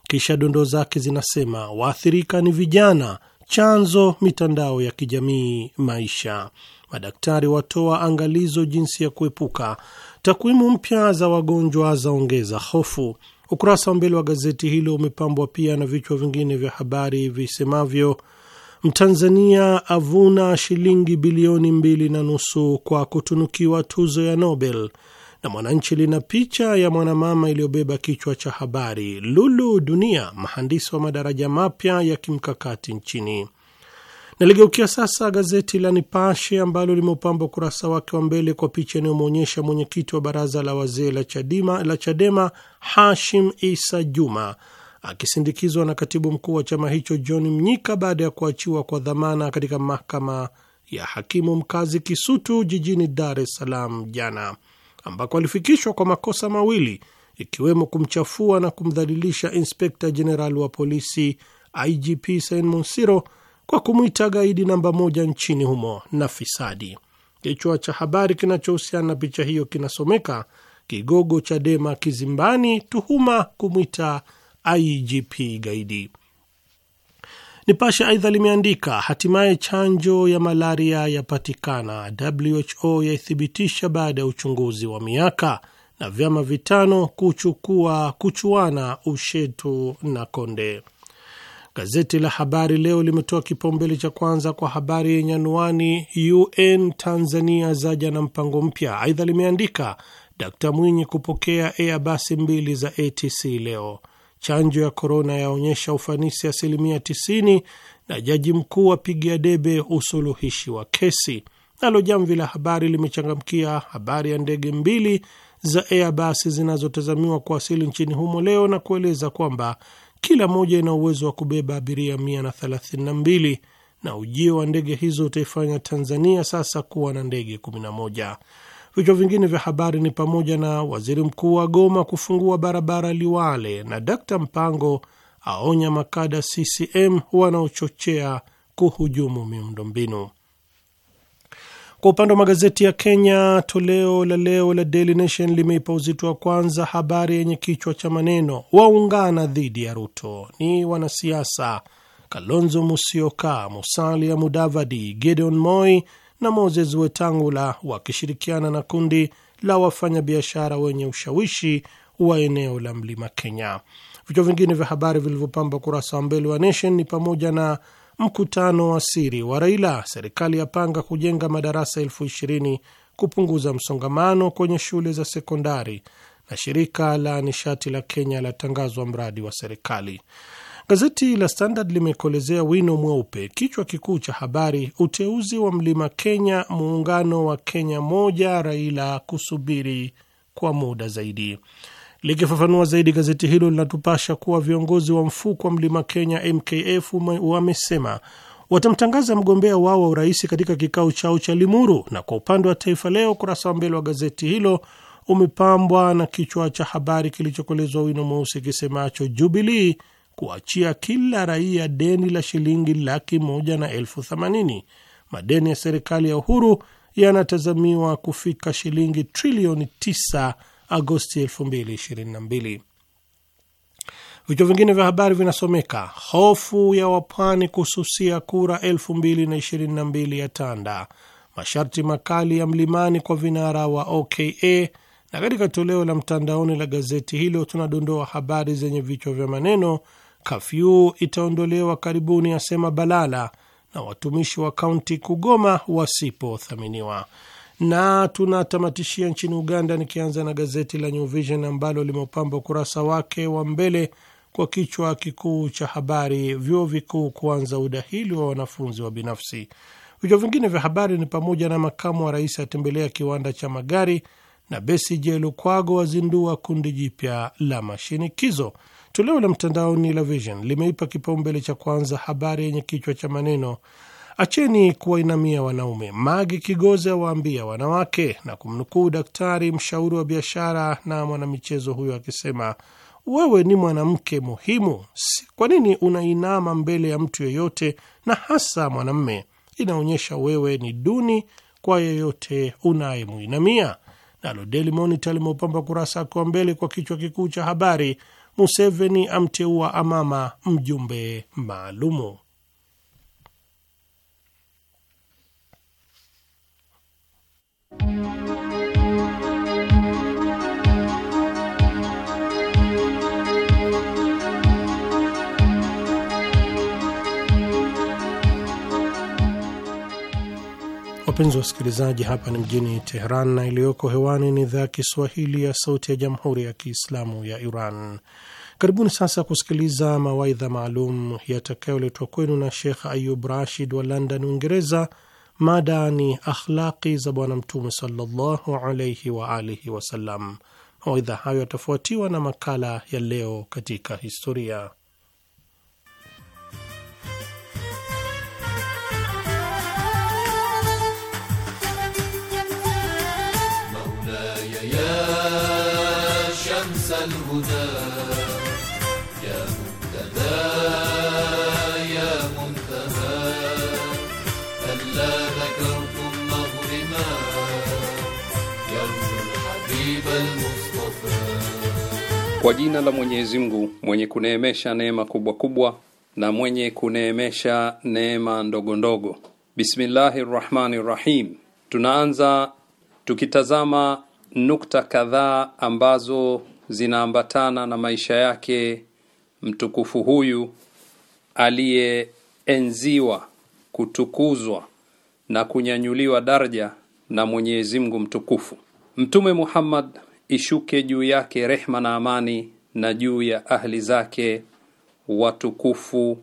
kisha dondoo zake zinasema waathirika ni vijana Chanzo mitandao ya kijamii maisha. Madaktari watoa angalizo jinsi ya kuepuka. Takwimu mpya za wagonjwa zaongeza hofu. Ukurasa wa mbele wa gazeti hilo umepambwa pia na vichwa vingine vya habari visemavyo: Mtanzania avuna shilingi bilioni mbili na nusu kwa kutunukiwa tuzo ya Nobel, na Mwananchi lina picha ya mwanamama iliyobeba kichwa cha habari Lulu Dunia, mhandisi wa madaraja mapya ya kimkakati nchini. Naligeukia sasa gazeti la Nipashe ambalo limeupamba ukurasa wake wa mbele kwa picha inayomwonyesha mwenyekiti wa baraza la wazee la Chadema, la Chadema Hashim Isa Juma akisindikizwa na katibu mkuu wa chama hicho John Mnyika baada ya kuachiwa kwa dhamana katika mahakama ya hakimu mkazi Kisutu jijini Dar es Salaam jana ambako alifikishwa kwa makosa mawili ikiwemo kumchafua na kumdhalilisha inspekta jenerali wa polisi IGP Simon monsiro kwa kumwita gaidi namba moja nchini humo na fisadi. Kichwa cha habari kinachohusiana na picha hiyo kinasomeka kigogo Chadema kizimbani, tuhuma kumwita IGP gaidi. Nipashe aidha limeandika hatimaye chanjo ya malaria yapatikana, WHO yaithibitisha baada ya uchunguzi wa miaka, na vyama vitano kuchukua kuchuana Ushetu na Konde. Gazeti la Habari Leo limetoa kipaumbele cha kwanza kwa habari yenye anwani UN Tanzania zaja na mpango mpya. Aidha limeandika Dkt Mwinyi kupokea Airbus mbili za ATC leo chanjo ya korona yaonyesha ufanisi asilimia 90, na jaji mkuu apigia debe usuluhishi wa kesi. Nalo jamvi la habari limechangamkia habari ya ndege mbili za Airbus zinazotazamiwa kuwasili nchini humo leo na kueleza kwamba kila moja ina uwezo wa kubeba abiria 132 na ujio wa ndege hizo utaifanya Tanzania sasa kuwa na ndege 11. Vichwa vingine vya habari ni pamoja na waziri mkuu wa goma kufungua barabara Liwale na Dkt Mpango aonya makada CCM wanaochochea kuhujumu miundombinu. Kwa upande wa magazeti ya Kenya, toleo la leo la Daily Nation limeipa uzito wa kwanza habari yenye kichwa cha maneno waungana dhidi ya Ruto. Ni wanasiasa Kalonzo Musyoka, Musalia Mudavadi, Gideon Moi na Moses Wetangula wakishirikiana na kundi la wafanyabiashara wenye ushawishi wa eneo la mlima Kenya. Vichwa vingine vya habari vilivyopamba ukurasa wa mbele wa Nation ni pamoja na mkutano wa siri wa Raila, serikali yapanga kujenga madarasa elfu ishirini kupunguza msongamano kwenye shule za sekondari, na shirika la nishati la Kenya latangazwa mradi wa serikali. Gazeti la Standard limekolezea wino mweupe kichwa kikuu cha habari, uteuzi wa mlima Kenya, muungano wa Kenya moja, Raila kusubiri kwa muda zaidi. Likifafanua zaidi, gazeti hilo linatupasha kuwa viongozi wa mfuko wa mlima Kenya MKF wamesema watamtangaza mgombea wao wa urais katika kikao chao cha Limuru. Na kwa upande wa Taifa Leo, kurasa wa mbele wa gazeti hilo umepambwa na kichwa cha habari kilichokolezwa wino mweusi kisemacho Jubilee kuachia kila raia deni la shilingi laki moja na elfu themanini. Madeni ya serikali ya Uhuru yanatazamiwa kufika shilingi trilioni 9 Agosti 2022. Vichwa vingine vya habari vinasomeka: hofu ya wapwani kususia kura 2022 ya tanda, masharti makali ya mlimani kwa vinara wa OKA. Na katika toleo la mtandaoni la gazeti hilo tunadondoa habari zenye vichwa vya maneno kafyu itaondolewa karibuni, asema Balala, na watumishi wa kaunti kugoma wasipothaminiwa. Na tunatamatishia nchini Uganda, nikianza na gazeti la New Vision ambalo limeupamba ukurasa wake wa mbele kwa kichwa kikuu cha habari, vyuo vikuu kuanza udahili wa wanafunzi wa binafsi. Vichwa vingine vya habari ni pamoja na makamu wa rais atembelea kiwanda cha magari na Besigye Lukwago wazindua kundi jipya la mashinikizo. Toleo la mtandaoni la Vision limeipa kipaumbele cha kwanza habari yenye kichwa cha maneno acheni kuwainamia wanaume, Magi Kigozi awaambia wanawake, na kumnukuu daktari mshauri wa biashara na mwanamichezo huyo akisema, wewe ni mwanamke muhimu, kwa nini unainama mbele ya mtu yeyote na hasa mwanamme? Inaonyesha wewe ni duni kwa yeyote unayemuinamia. Nalo Daily Monitor limeupamba kurasa akiwa mbele kwa kichwa kikuu cha habari Museveni amteua Amama mjumbe maalumu. Wapenzi wasikilizaji, hapa ni mjini Teheran na iliyoko hewani ni idhaa ya Kiswahili ya Sauti ya Jamhuri ya Kiislamu ya Iran. Karibuni sasa kusikiliza mawaidha maalum yatakayoletwa kwenu na Shekh Ayub Rashid wa London, Uingereza. Mada ni akhlaqi za Bwana Mtume sallallahu alaihi wasallam. Mawaidha hayo yatafuatiwa na makala ya leo katika historia. Kwa jina la Mwenyezi Mungu mwenye kuneemesha neema kubwa kubwa na mwenye kuneemesha neema ndogo ndogo. Bismillahi Rahmanir Rahim. Tunaanza tukitazama nukta kadhaa ambazo zinaambatana na maisha yake mtukufu huyu aliyeenziwa, kutukuzwa na kunyanyuliwa daraja na Mwenyezi Mungu mtukufu. Mtume Muhammad ishuke juu yake rehma na amani na juu ya ahli zake watukufu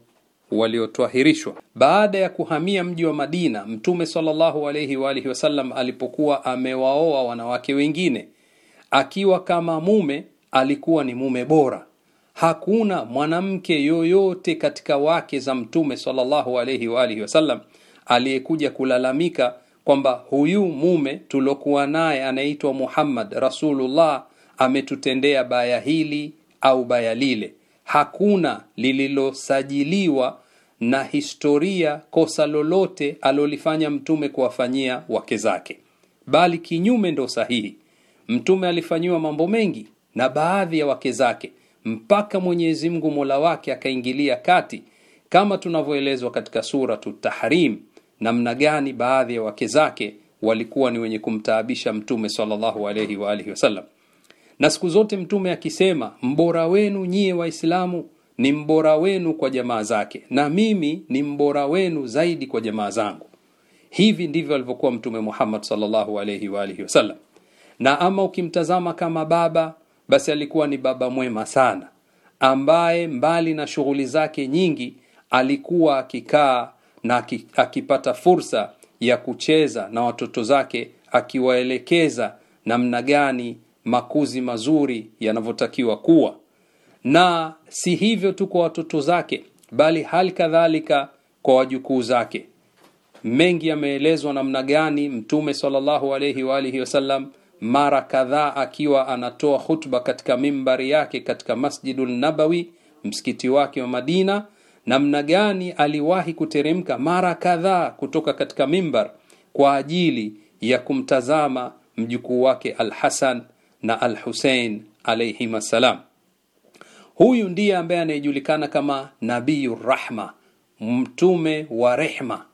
waliotwahirishwa. Baada ya kuhamia mji wa Madina, Mtume sallallahu alayhi wa alihi wasallam alipokuwa amewaoa wanawake wengine, akiwa kama mume, alikuwa ni mume bora. Hakuna mwanamke yoyote katika wake za Mtume sallallahu alayhi wa alihi wasallam aliyekuja kulalamika kwamba huyu mume tulokuwa naye anaitwa Muhammad Rasulullah ametutendea baya hili au baya lile. Hakuna lililosajiliwa na historia kosa lolote alolifanya mtume kuwafanyia wake zake, bali kinyume ndo sahihi. Mtume alifanyiwa mambo mengi na baadhi ya wake zake, mpaka Mwenyezi Mungu mola wake akaingilia kati, kama tunavyoelezwa katika Suratu Tahrim namna gani baadhi ya wake zake walikuwa ni wenye kumtaabisha mtume sallallahu alayhi wa alihi wasallam. Na siku zote mtume akisema, mbora wenu nyie Waislamu ni mbora wenu kwa jamaa zake, na mimi ni mbora wenu zaidi kwa jamaa zangu. Hivi ndivyo alivyokuwa Mtume Muhammad sallallahu alayhi wa alihi wasallam. Na ama ukimtazama kama baba, basi alikuwa ni baba mwema sana, ambaye mbali na shughuli zake nyingi alikuwa akikaa na akipata fursa ya kucheza na watoto zake akiwaelekeza namna gani makuzi mazuri yanavyotakiwa kuwa na si hivyo tu kwa watoto zake bali hali kadhalika kwa wajukuu zake mengi yameelezwa namna gani mtume salllahu alaihi waalihi wasallam mara kadhaa akiwa anatoa khutba katika mimbari yake katika masjidu nabawi msikiti wake wa madina namna gani aliwahi kuteremka mara kadhaa kutoka katika mimbar kwa ajili ya kumtazama mjukuu wake alhasan na alhusein alayhim assalam. Huyu ndiye ambaye anayejulikana kama Nabiyu Rahma, mtume wa rehma.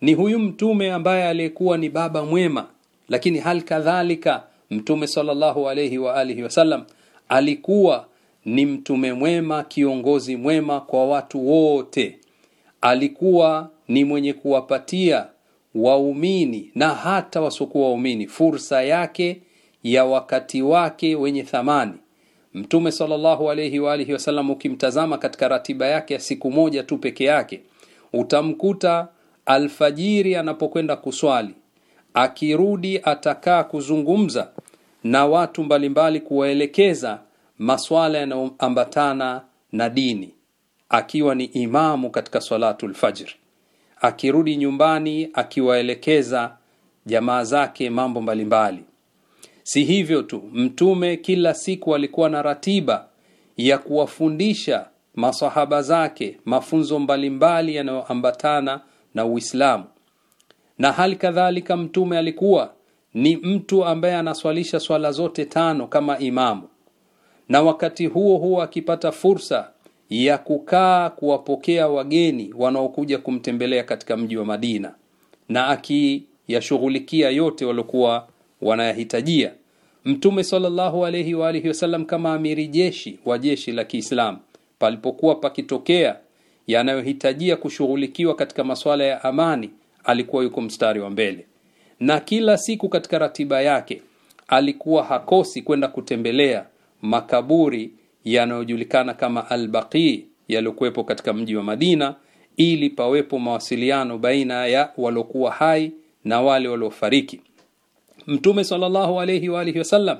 Ni huyu mtume ambaye aliyekuwa ni baba mwema, lakini hal kadhalika mtume sallallahu alayhi wa alihi wasallam alikuwa ni mtume mwema, kiongozi mwema kwa watu wote. Alikuwa ni mwenye kuwapatia waumini na hata wasiokuwa waumini fursa yake ya wakati wake wenye thamani. Mtume sallallahu alayhi wa alihi wasallam, ukimtazama katika ratiba yake ya siku moja tu peke yake, utamkuta alfajiri anapokwenda kuswali, akirudi atakaa kuzungumza na watu mbalimbali, kuwaelekeza maswala yanayoambatana na dini, akiwa ni imamu katika salatu lfajr, akirudi nyumbani akiwaelekeza jamaa zake mambo mbalimbali. Si hivyo tu, Mtume kila siku alikuwa na ratiba ya kuwafundisha masahaba zake mafunzo mbalimbali yanayoambatana na Uislamu, na hali kadhalika Mtume alikuwa ni mtu ambaye anaswalisha swala zote tano kama imamu na wakati huo huo akipata fursa ya kukaa kuwapokea wageni wanaokuja kumtembelea katika mji wa Madina na akiyashughulikia yote waliokuwa wanayahitajia. Mtume sallallahu alayhi wa alihi wasallam kama amiri jeshi wa jeshi la Kiislamu, palipokuwa pakitokea yanayohitajia kushughulikiwa katika masuala ya amani, alikuwa yuko mstari wa mbele, na kila siku katika ratiba yake alikuwa hakosi kwenda kutembelea makaburi yanayojulikana kama Albaqi yaliyokuwepo katika mji wa Madina ili pawepo mawasiliano baina ya waliokuwa hai na wale waliofariki. Mtume sallallahu alayhi wa alihi wasallam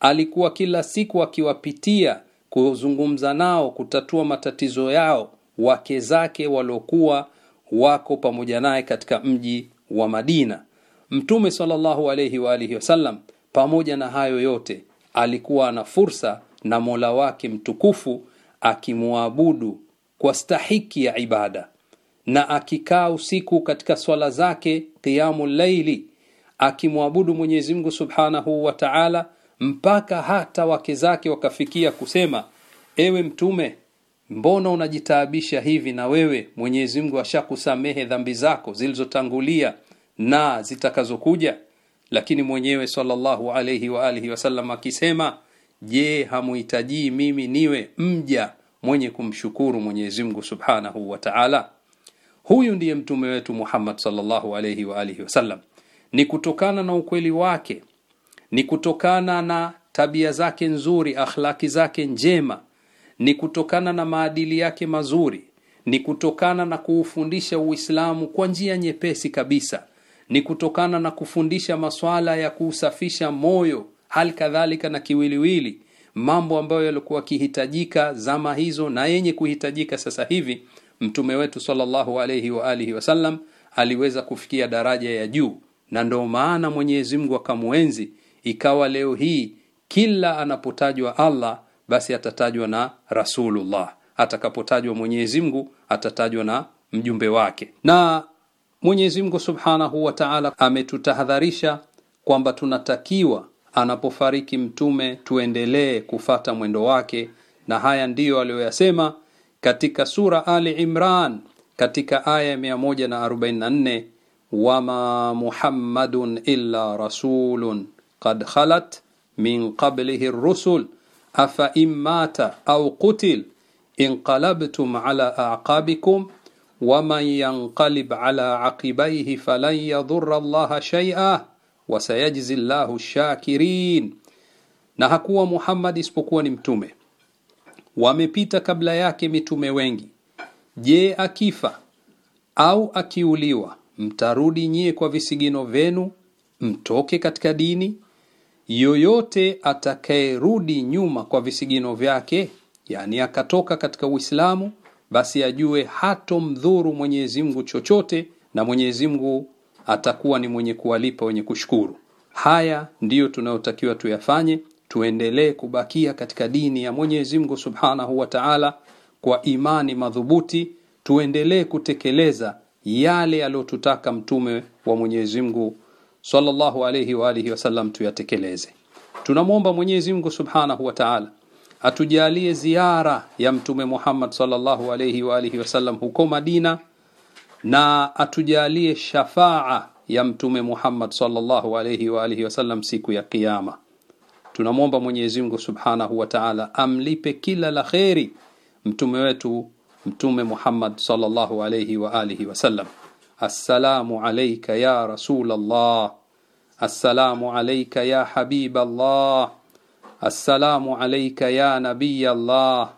alikuwa kila siku akiwapitia, kuzungumza nao, kutatua matatizo yao, wake zake waliokuwa wako pamoja naye katika mji wa Madina. Mtume sallallahu alayhi wa alihi wasallam, pamoja na hayo yote alikuwa ana fursa na mola wake mtukufu akimwabudu kwa stahiki ya ibada na akikaa usiku katika swala zake qiyamu laili akimwabudu mwenyezi mungu subhanahu wa taala mpaka hata wake zake wakafikia kusema ewe mtume mbona unajitaabisha hivi na wewe mwenyezi mungu ashakusamehe dhambi zako zilizotangulia na zitakazokuja lakini mwenyewe sallallahu alayhi wa alihi wasallam akisema je hamuhitajii mimi niwe mja mwenye kumshukuru Mwenyezi Mungu Subhanahu wa Ta'ala huyu ndiye mtume wetu Muhammad sallallahu alayhi wa alihi wasallam ni kutokana na ukweli wake ni kutokana na tabia zake nzuri akhlaki zake njema ni kutokana na maadili yake mazuri ni kutokana na kuufundisha Uislamu kwa njia nyepesi kabisa ni kutokana na kufundisha maswala ya kuusafisha moyo, hali kadhalika na kiwiliwili, mambo ambayo yalikuwa akihitajika zama hizo na yenye kuhitajika sasa hivi. Mtume wetu sallallahu alayhi wa alihi wasallam aliweza kufikia daraja ya juu, na ndo maana Mwenyezi Mungu akamwenzi. Ikawa leo hii kila anapotajwa Allah basi atatajwa na Rasulullah, atakapotajwa Mwenyezi Mungu atatajwa na mjumbe wake na Mwenyezi Mungu Subhanahu wa Ta'ala ametutahadharisha kwamba tunatakiwa anapofariki mtume tuendelee kufata mwendo wake, na haya ndiyo aliyoyasema katika sura Ali Imran katika aya ya 144, wama Muhammadun illa rasulun qad khalat min qablihi rusul afa in mata au qutil inqalabtum ala aqabikum waman yanqalib ala aqibaihi falan yadhurra Allaha shay'a wa llahu shakirin, na hakuwa Muhammad isipokuwa ni mtume. Wamepita kabla yake mitume wengi. Je, akifa au akiuliwa, mtarudi nyie kwa visigino vyenu mtoke katika dini? Yoyote atakayerudi nyuma kwa visigino vyake, yani akatoka katika Uislamu basi ajue hatomdhuru Mwenyezi Mungu chochote, na Mwenyezi Mungu atakuwa ni mwenye kuwalipa wenye kushukuru. Haya ndiyo tunayotakiwa tuyafanye, tuendelee kubakia katika dini ya Mwenyezi Mungu Subhanahu wa Ta'ala kwa imani madhubuti, tuendelee kutekeleza yale aliyotutaka mtume wa Mwenyezi Mungu sallallahu alayhi wa alihi wasallam tuyatekeleze. Tunamwomba Mwenyezi Mungu Subhanahu wa Ta'ala atujalie ziara ya Mtume Muhammad sallallahu alayhi wa alihi wasallam huko Madina, na atujalie shafaa ya Mtume Muhammad sallallahu alayhi wa alihi wasallam siku ya Kiyama. Tunamwomba Mwenyezi Mungu subhanahu wa taala amlipe kila la kheri mtume wetu Mtume Muhammad sallallahu alayhi wa alihi wasallam. Assalamu alayka ya Rasulullah, assalamu alayka ya Habiballah السلام عليك يا نبي الله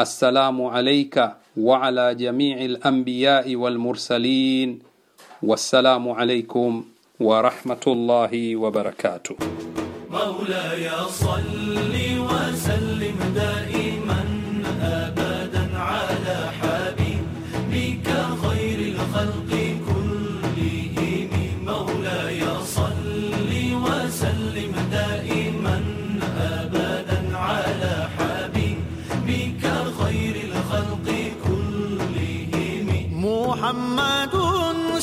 السلام عليك وعلى جميع الانبياء والمرسلين والسلام عليكم ورحمه الله وبركاته مولاي صلِّ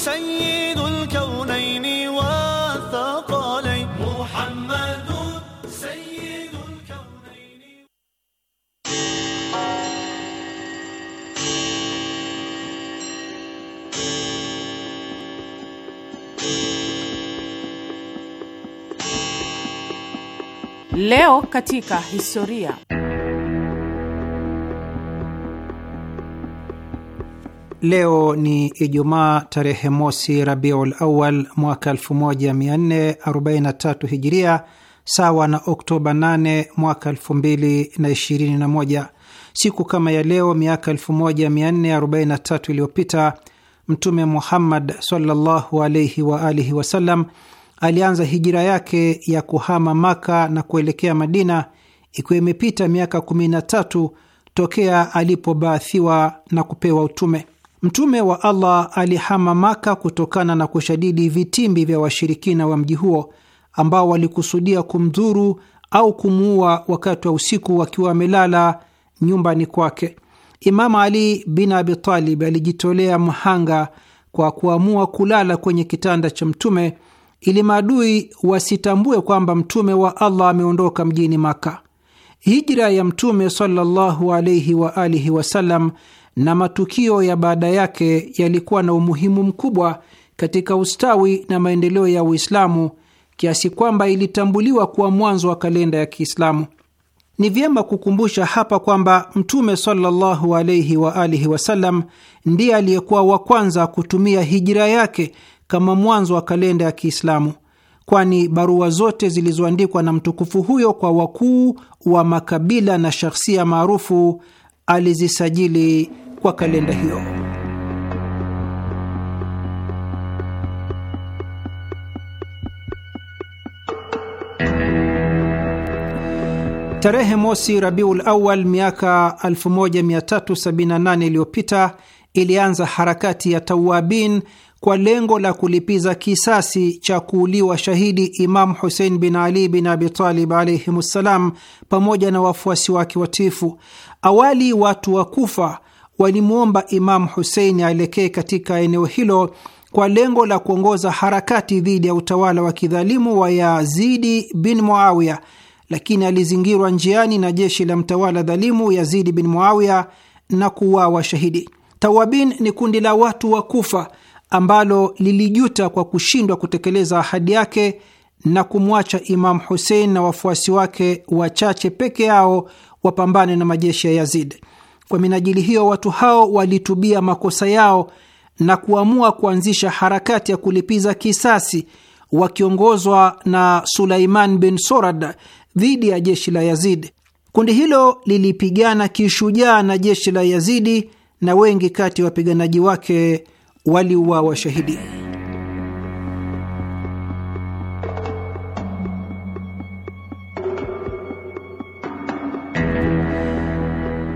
سيد الكونين والثقلين محمد سيد الكونين Leo katika historia. Leo ni Ijumaa tarehe mosi Rabiul Awal mwaka 1443 Hijiria, sawa na Oktoba 8 mwaka 2021. Siku kama ya leo miaka 1443 iliyopita Mtume Muhammad sallallahu alaihi wa alihi wasallam alianza hijira yake ya kuhama Maka na kuelekea Madina, ikiwa imepita miaka 13 tokea alipobaathiwa na kupewa utume. Mtume wa Allah alihama Maka kutokana na kushadidi vitimbi vya washirikina wa mji huo ambao walikusudia kumdhuru au kumuua wakati wa usiku wakiwa wamelala nyumbani kwake. Imamu Ali bin Abi Talib alijitolea mhanga kwa kuamua kulala kwenye kitanda cha Mtume ili maadui wasitambue kwamba Mtume wa Allah ameondoka mjini Maka. Hijra ya Mtume sallallahu alaihi waalihi wasalam na matukio ya baada yake yalikuwa na umuhimu mkubwa katika ustawi na maendeleo ya Uislamu kiasi kwamba ilitambuliwa kuwa mwanzo wa kalenda ya Kiislamu. Ni vyema kukumbusha hapa kwamba Mtume sallallahu alaihi wa alihi wasallam ndiye aliyekuwa wa kwanza kutumia hijira yake kama mwanzo wa kalenda ya Kiislamu, kwani barua zote zilizoandikwa na mtukufu huyo kwa wakuu wa makabila na shakhsia maarufu alizisajili wa kalenda hiyo. Tarehe mosi Rabiul Awal miaka 1378 iliyopita ilianza harakati ya Tawabin kwa lengo la kulipiza kisasi cha kuuliwa shahidi Imam Husein bin Ali bin Abitalib alaihim ssalam, pamoja na wafuasi wake watifu. Awali watu wa Kufa walimwomba Imamu Husein aelekee katika eneo hilo kwa lengo la kuongoza harakati dhidi ya utawala wa kidhalimu wa Yazidi bin Muawiya, lakini alizingirwa njiani na jeshi la mtawala dhalimu Yazidi bin Muawiya na kuuawa shahidi. Tawabin ni kundi la watu wa Kufa ambalo lilijuta kwa kushindwa kutekeleza ahadi yake na kumwacha Imamu Husein na wafuasi wake wachache peke yao wapambane na majeshi ya Yazid. Kwa minajili hiyo, watu hao walitubia makosa yao na kuamua kuanzisha harakati ya kulipiza kisasi wakiongozwa na Sulaiman bin Sorad dhidi ya jeshi la Yazid. Kundi hilo lilipigana kishujaa na jeshi la Yazidi na wengi kati ya wapiganaji wake waliuawa shahidi.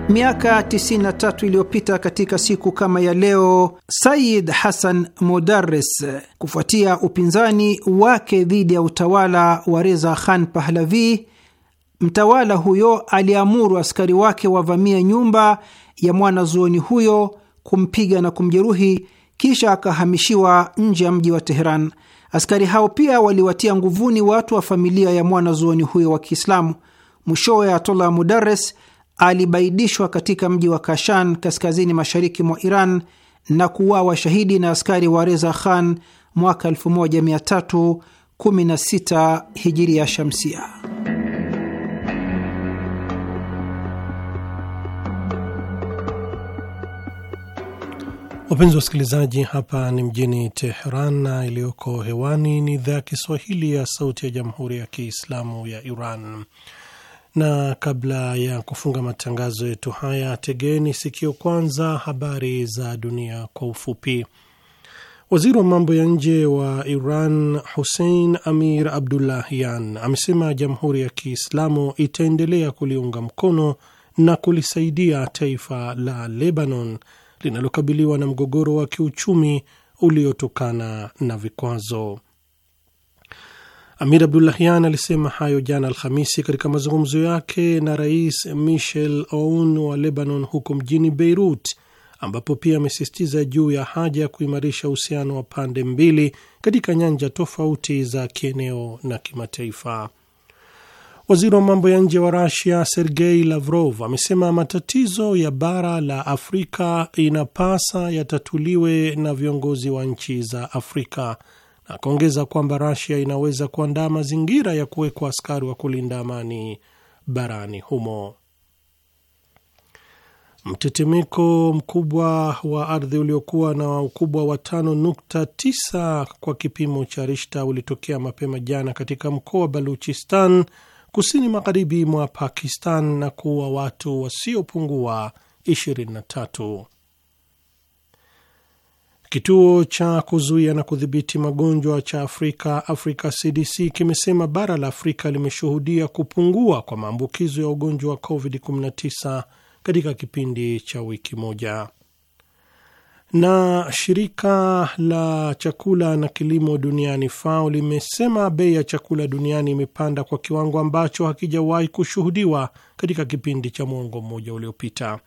Miaka 93 iliyopita katika siku kama ya leo, Sayid hassan Modarres, kufuatia upinzani wake dhidi ya utawala wa Reza Khan Pahlavi, mtawala huyo aliamuru askari wake wavamia nyumba ya mwanazuoni huyo, kumpiga na kumjeruhi, kisha akahamishiwa nje ya mji wa Teheran. Askari hao pia waliwatia nguvuni watu wa familia ya mwanazuoni huyo wa Kiislamu. Mwishowe Atola modarres alibaidishwa katika mji wa Kashan kaskazini mashariki mwa Iran na kuuawa shahidi na askari wa Reza Khan mwaka 1316 hijiria shamsia. Wapenzi wa wasikilizaji, hapa ni mjini Teheran na iliyoko hewani ni idhaa ya Kiswahili ya Sauti ya Jamhuri ya Kiislamu ya Iran na kabla ya kufunga matangazo yetu haya, tegeni sikio kwanza habari za dunia kwa ufupi. Waziri wa mambo ya nje wa Iran Hussein Amir Abdullahian amesema Jamhuri ya Kiislamu itaendelea kuliunga mkono na kulisaidia taifa la Lebanon linalokabiliwa na mgogoro wa kiuchumi uliotokana na vikwazo. Amir Abdullahian alisema hayo jana Alhamisi katika mazungumzo yake na Rais Michel Aoun wa Lebanon huko mjini Beirut, ambapo pia amesisitiza juu ya haja ya kuimarisha uhusiano wa pande mbili katika nyanja tofauti za kieneo na kimataifa. Waziri wa mambo ya nje wa Rusia Sergei Lavrov amesema matatizo ya bara la Afrika inapasa yatatuliwe na viongozi wa nchi za Afrika na akaongeza kwamba Rasia inaweza kuandaa mazingira ya kuwekwa askari wa kulinda amani barani humo. Mtetemeko mkubwa wa ardhi uliokuwa na ukubwa wa 5.9 kwa kipimo cha Rishta ulitokea mapema jana katika mkoa wa Baluchistan kusini magharibi mwa Pakistan na kuua watu wasiopungua 23. Kituo cha kuzuia na kudhibiti magonjwa cha Afrika, Africa CDC, kimesema bara la Afrika limeshuhudia kupungua kwa maambukizo ya ugonjwa wa COVID-19 katika kipindi cha wiki moja. Na shirika la chakula na kilimo duniani FAO limesema bei ya chakula duniani imepanda kwa kiwango ambacho hakijawahi kushuhudiwa katika kipindi cha mwongo mmoja uliopita.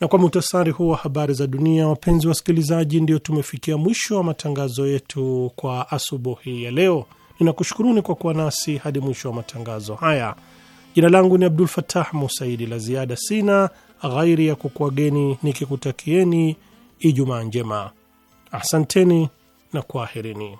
Na kwa muhtasari huu wa habari za dunia, wapenzi wasikilizaji, ndio tumefikia mwisho wa matangazo yetu kwa asubuhi ya leo. Ninakushukuruni kwa kuwa nasi hadi mwisho wa matangazo haya. Jina langu ni Abdul Fatah Musaidi. La ziada sina ghairi ya kukuageni nikikutakieni Ijumaa njema. Asanteni na kwaherini.